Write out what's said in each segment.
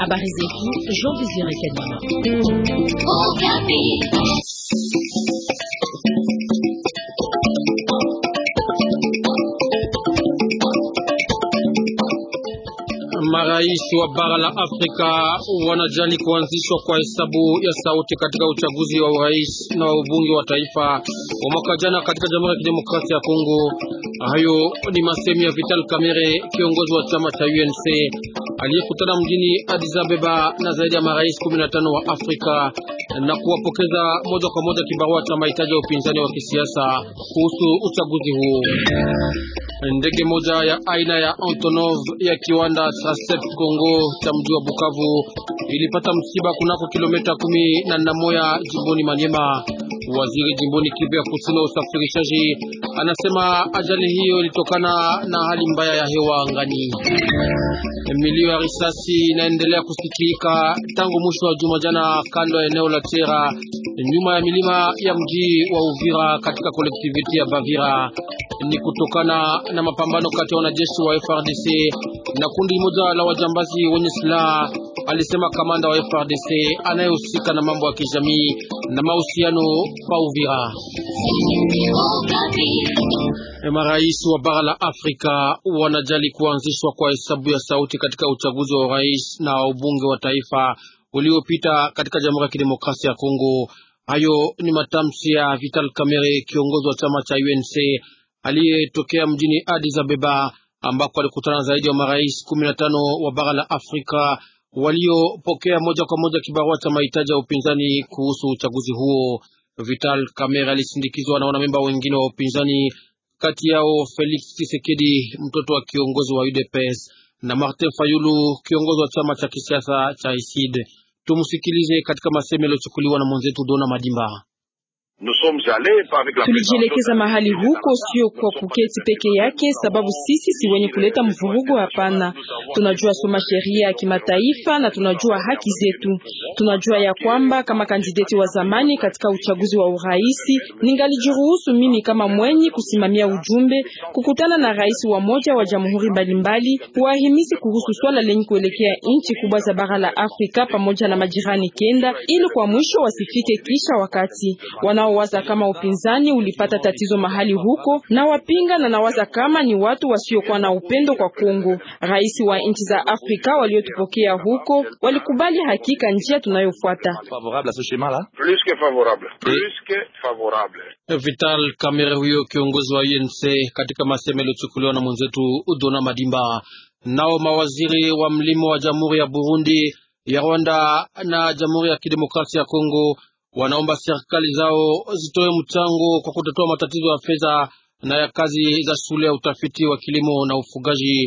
Habari zetu Jean Désiré Kanyama. Marais wa bara la Afrika wanajali kuanzishwa kwa hesabu ya sauti katika uchaguzi wa urais na wa ubunge wa taifa wa mwaka jana katika Jamhuri ya Kidemokrasia ya Kongo Hayo ni masemi ya Vital Kamerhe, kiongozi wa chama cha UNC aliyekutana mjini Addis Ababa na zaidi ya marais 15 wa Afrika na kuwapokeza moja kwa moja kibarua cha mahitaji ya upinzani wa kisiasa kuhusu uchaguzi huo. Ndege moja ya aina ya Antonov ya kiwanda cha Sep Congo cha mji wa Bukavu ilipata msiba kunako kilomita kumi na moja jimboni Manyema. Waziri jimboni Kivu ya Kusini wa usafirishaji anasema ajali hiyo ilitokana na hali mbaya ya hewa angani. Milio ya risasi inaendelea kusikika tangu mwisho wa juma jana, kando ya eneo la Tera nyuma ya milima ya mji wa Uvira katika kolektiviti ya Bavira. Ni kutokana na mapambano kati ya wanajeshi wa FRDC na kundi moja la wajambazi wenye silaha, alisema kamanda wa FRDC anayehusika na mambo ya kijamii na mahusiano pa Uvira. Marais wa bara la Afrika wanajali kuanzishwa kwa hesabu ya sauti katika uchaguzi wa urais na ubunge wa taifa uliopita katika Jamhuri ya Kidemokrasia ya Kongo. Hayo ni matamshi ya Vital Kamerhe, kiongozi wa chama cha UNC aliyetokea mjini Addis Ababa ambako alikutana zaidi ya marais kumi na tano wa bara la Afrika waliopokea moja kwa moja kibarua cha mahitaji ya upinzani kuhusu uchaguzi huo. Vital Kamerhe alisindikizwa na wanamemba wengine wa upinzani, kati yao Felix Tshisekedi, mtoto wa kiongozi wa UDPS na Martin Fayulu, kiongozi wa chama cha kisiasa cha ISID. Tumsikilize katika masemo yaliyochukuliwa na mwenzetu Dona Madimba. Tulijielekeza mahali huko, sio kwa kuketi peke yake, sababu sisi si wenye kuleta mvurugo. Hapana, tunajua soma sheria ya kimataifa na tunajua haki zetu. Tunajua ya kwamba kama kandideti wa zamani katika uchaguzi wa uraisi, ningalijiruhusu mimi kama mwenye kusimamia ujumbe kukutana na rais wa moja wa jamhuri mbalimbali, kuwahimizi kuhusu swala lenye kuelekea nchi kubwa za bara la Afrika pamoja na majirani kenda, ili kwa mwisho wasifike kisha wakati wana waza kama upinzani ulipata tatizo mahali huko na wapinga na nawaza kama ni watu wasiokuwa na upendo kwa Kongo. Rais wa nchi za Afrika waliotupokea huko walikubali hakika njia tunayofuata. Vital Kamerhe huyo kiongozi wa UNC katika maseme yaliyochukuliwa na mwenzetu Udona Madimba. Nao mawaziri wa mlimo wa Jamhuri ya Burundi, ya Rwanda na Jamhuri ya Kidemokrasia ya Kongo wanaomba serikali zao zitoe mchango kwa kutatua matatizo ya fedha na ya kazi za shule ya utafiti wa kilimo na ufugaji.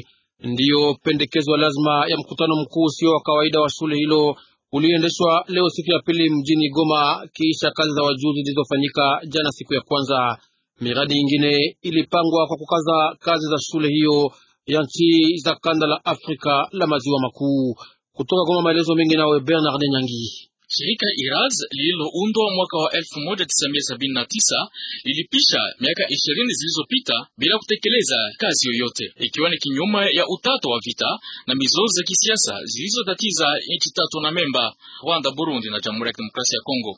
Ndiyo pendekezo lazima ya mkutano mkuu usio wa kawaida wa shule hilo uliendeshwa leo siku ya pili mjini Goma, kiisha kazi za wajuzi zilizofanyika jana siku ya kwanza. Miradi ingine ilipangwa kwa kukaza kazi za shule hiyo ya nchi za kanda la Afrika la maziwa makuu. Kutoka Goma, maelezo mengi nawe Bernard Nyangi. Shirika Iraz lililoundwa mwaka wa 1979 lilipisha miaka ishirini zilizopita bila kutekeleza kazi yoyote, ikiwa ni kinyume ya utato wa vita na mizozo za kisiasa zilizotatiza nchi tatu na memba Rwanda, Burundi na Jamhuri ya Kidemokrasia ya Kongo.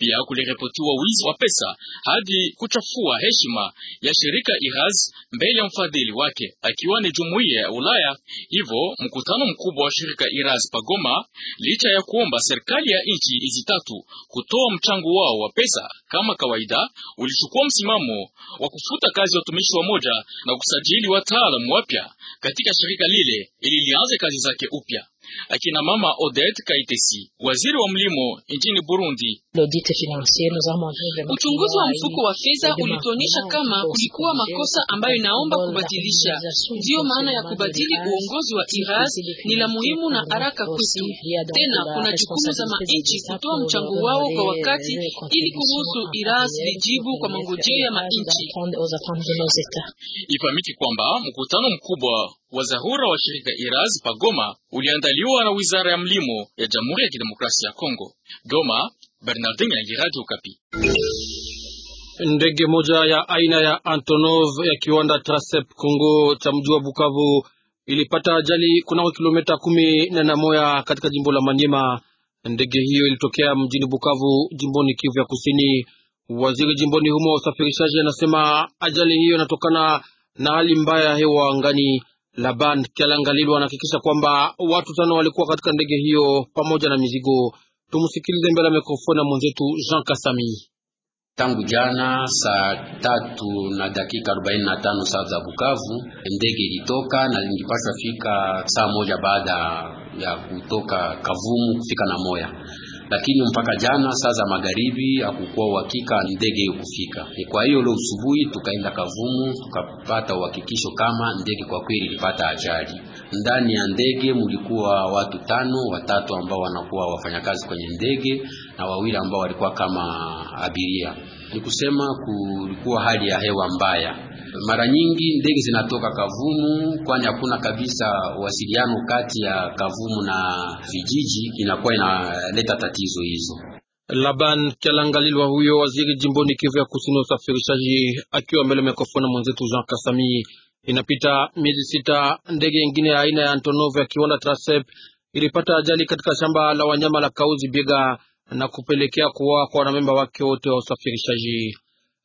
Pia kuliripotiwa wizi wa pesa hadi kuchafua heshima ya shirika Iraz mbele ya mfadhili wake akiwa ni jumuiya ya Ulaya. Hivyo mkutano mkubwa wa shirika Iraz pagoma, licha ya kuomba serikali ya nchi hizi tatu kutoa mchango wao wa pesa kama kawaida, ulichukua msimamo wa kufuta kazi ya watumishi wa moja na kusajili wataalamu wapya katika shirika lile ili lianze kazi zake upya akina mama Odette Kaitesi, waziri wa mlimo nchini Burundi. Uchunguzi wa mfuko wa fedha ulituonyesha kama kulikuwa makosa ambayo inaomba kubadilisha. Ndiyo maana ya kubadili uongozi wa IRAS ni la muhimu na haraka kwetu. Tena kuna jukumu za manchi kutoa mchango wao kwa wakati, eh, ili kuruhusu IRAS lijibu kwa mangojeo ya manchi. Ifahamike kwamba mkutano mkubwa Wazahura wa shirika Iraz pagoma uliandaliwa na wizara ya mlimo ya Jamhuri ya Kidemokrasia ya Kongo. Goma, Bernardin Nyangi, Radio Okapi. Ndege moja ya aina ya Antonov ya kiwanda Trasep Kongo cha mji wa Bukavu ilipata ajali kunako kilomita kumi na moya katika jimbo la Manyema. Ndege hiyo ilitokea mjini Bukavu, jimboni Kivu ya Kusini. Waziri jimboni humo wa usafirishaji anasema ajali hiyo inatokana na hali mbaya ya hewa angani. Laban Kialangalilu anahakikisha kwamba watu tano walikuwa katika ndege hiyo pamoja na mizigo. Tumsikilize mbele ya mikrofoni ya mwenzetu Jean Kasami. Tangu jana saa tatu na dakika 45 saa za Bukavu, ndege ilitoka na ingipaswa fika saa moja baada ya kutoka Kavumu kufika na moya lakini mpaka jana saa za magharibi hakukuwa uhakika ndege hiyo kufika. E, kwa hiyo leo usubuhi tukaenda Kavumu tukapata uhakikisho kama ndege kwa kweli ilipata ajali ndani ya ndege mlikuwa watu tano, watatu ambao wanakuwa wafanyakazi kwenye ndege na wawili ambao walikuwa kama abiria. Ni kusema kulikuwa hali ya hewa mbaya. Mara nyingi ndege zinatoka Kavumu, kwani hakuna kabisa wasiliano kati ya Kavumu na vijiji, inakuwa inaleta tatizo hizo. Laban Kalangalilwa huyo waziri jimboni Kivu ya Kusini usafirishaji, akiwa mbele mikrofoni mwenzetu Jean Kasami. Inapita miezi sita ndege ingine ya aina ya Antonov ya kiwanda Trasep ilipata ajali katika shamba la wanyama la Kauzi Biega na kupelekea kuoa kwa wanamemba wake wote wa usafirishaji.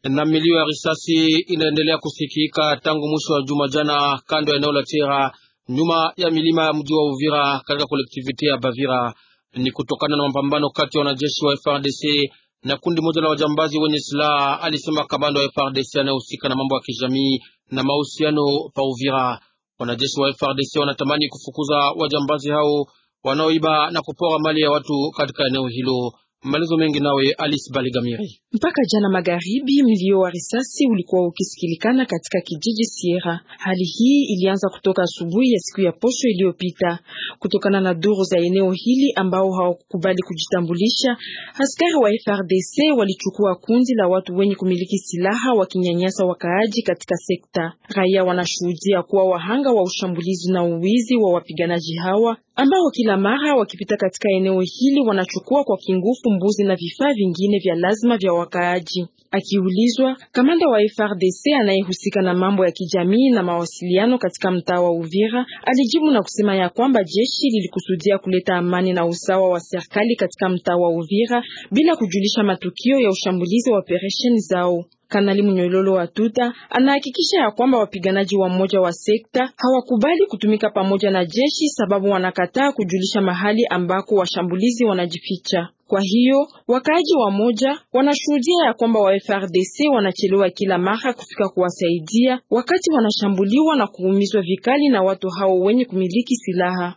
Na milio ya risasi inaendelea kusikika tangu mwisho wa juma jana kando ya eneo la Tera nyuma ya milima ya mji wa Uvira katika kolektivite ya Bavira. Ni kutokana na mapambano kati ya wanajeshi wa FRDC na kundi moja la wajambazi wenye silaha, alisema kamanda wa FRDC anayehusika na mambo ya kijamii na mahusiano pa Uvira. Wanajeshi wa FARDC wanatamani kufukuza wajambazi hao wanaoiba na kupora mali ya watu katika eneo hilo. Maelezo mengi nawe Alice Baligamiri. Mpaka jana magharibi, mlio wa risasi ulikuwa ukisikilikana katika kijiji Sierra. Hali hii ilianza kutoka asubuhi ya siku ya posho iliyopita. Kutokana na duru za eneo hili ambao hawakukubali kujitambulisha, askari wa FRDC walichukua kundi la watu wenye kumiliki silaha wakinyanyasa wakaaji katika sekta. Raia wanashuhudia kuwa wahanga wa ushambulizi na uwizi wa wapiganaji hawa ambao kila mara wakipita katika eneo hili wanachukua kwa kingufu mbuzi na vifaa vingine vya lazima vya wakaaji. Akiulizwa, kamanda wa FRDC anayehusika na mambo ya kijamii na mawasiliano katika mtaa wa Uvira alijibu na kusema ya kwamba jeshi lilikusudia kuleta amani na usawa wa serikali katika mtaa wa Uvira bila kujulisha matukio ya ushambulizi wa operesheni zao. Kanali Munyoilolo wa Tuta anahakikisha ya kwamba wapiganaji wa mmoja wa sekta hawakubali kutumika pamoja na jeshi, sababu wanakataa kujulisha mahali ambako washambulizi wanajificha. Kwa hiyo wakaaji wa moja wanashuhudia ya kwamba wa FRDC wanachelewa kila mara kufika kuwasaidia, wakati wanashambuliwa na kuumizwa vikali na watu hao wenye kumiliki silaha.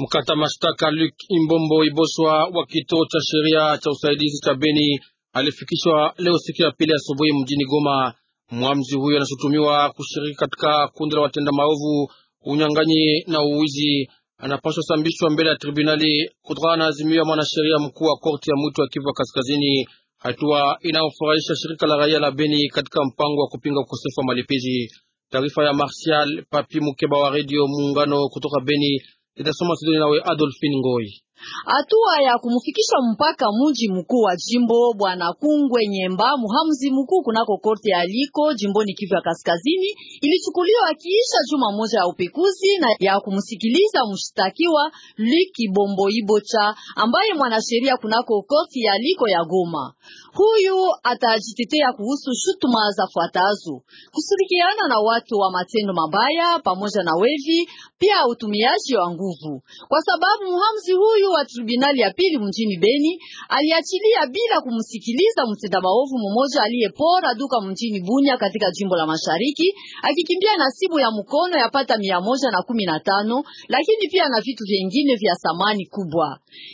Mkata mashtaka Luc Imbombo Iboswa wa kituo cha sheria cha usaidizi cha Beni alifikishwa leo siku ya pili asubuhi mjini Goma. Mwamzi huyo anashutumiwa kushiriki katika kundi la watenda maovu, unyang'anyi na uwizi. Anapaswa sambishwa mbele ya tribunali kutokana na azimio ya mwanasheria mkuu wa korti ya mwito wa Kivu Kaskazini, hatua inayofurahisha shirika la raia la Beni katika mpango wa kupinga ukosefu wa malipizi. Taarifa ya Martial Papi Mukeba wa redio Muungano kutoka Beni itasoma studio nawe Adolfin Ngoi. Hatua ya kumfikisha mpaka mji mkuu wa jimbo bwana Kungwe Nyemba, muhamzi mkuu kunako korti aliko jimboni Kivu ya Kaskazini, ilichukuliwa kiisha juma moja ya upekuzi na ya kumsikiliza mshtakiwa Luki Bomboibocha ambaye mwanasheria kunako korti aliko ya Goma. Huyu atajitetea kuhusu shutuma za fuatazo: kushirikiana na watu wa matendo mabaya pamoja na wevi, pia utumiaji wa nguvu, kwa sababu muhamzi huyu wa tribunali ya pili mjini Beni aliachilia bila kumsikiliza mtenda maovu mmoja aliyepora duka mjini Bunya katika jimbo la Mashariki akikimbia na simu ya mkono yapata mia moja na kumi na tano lakini pia na vitu vingine vya samani kubwa,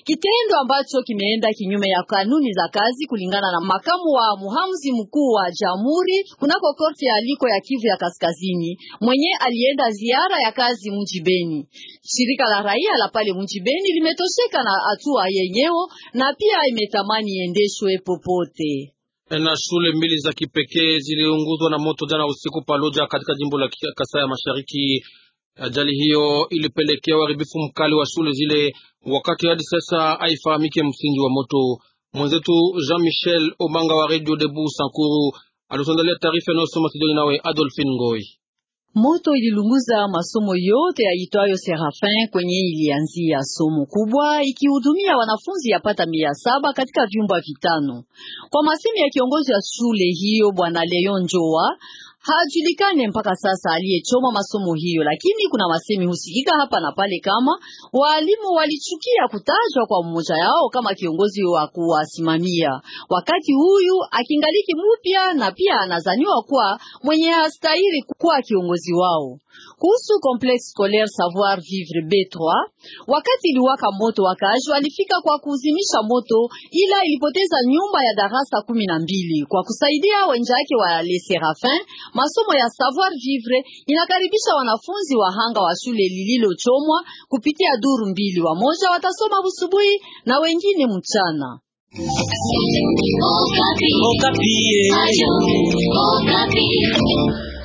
kitendo ambacho kimeenda kinyume ya kanuni za kazi kulingana na makamu wa muhamzi mkuu wa jamhuri kunako korti ya aliko ya Kivu ya Kaskazini mwenye alienda ziara ya kazi mji Beni. Shirika la raia la pale mji Beni limetosha imeridhika na hatua yenyewe na pia imetamani iendeshwe popote na shule mbili za kipekee ziliunguzwa na moto jana usiku Paluja katika jimbo la Kasai ya Mashariki. Ajali hiyo ilipelekea uharibifu mkali wa shule zile, wakati hadi sasa haifahamike msingi wa moto. Mwenzetu Jean Michel Obanga wa Radio Debu Sankuru alituandalia taarifa inayosoma Sidoni nawe Adolphine Ngoi. Moto ililunguza masomo yote yaitwayo Serafin kwenye ilianzia. Somo kubwa ikihudumia wanafunzi yapata mia saba katika vyumba vitano kwa masimi ya kiongozi ya shule hiyo, Bwana Leon Njoa hajulikane mpaka sasa aliyechoma masomo hiyo, lakini kuna wasemi husikika hapa na pale kama walimu walichukia kutajwa kwa mmoja yao kama kiongozi wa kuwasimamia, wakati huyu akingaliki mupya na pia anazaniwa kuwa mwenye astahili kuwa kiongozi wao kuhusu complexe scolaire savoir vivre B3. Wakati iliwaka moto, wakaaji walifika kwa kuuzimisha moto, ila ilipoteza nyumba ya darasa kumi na mbili. Kwa kusaidia wenzake wa Les Serafins, masomo ya savoir vivre inakaribisha wanafunzi wahanga wa shule lililochomwa kupitia duru mbili, wamoja watasoma busubuhi na wengine mchana. Okapi. Okapi.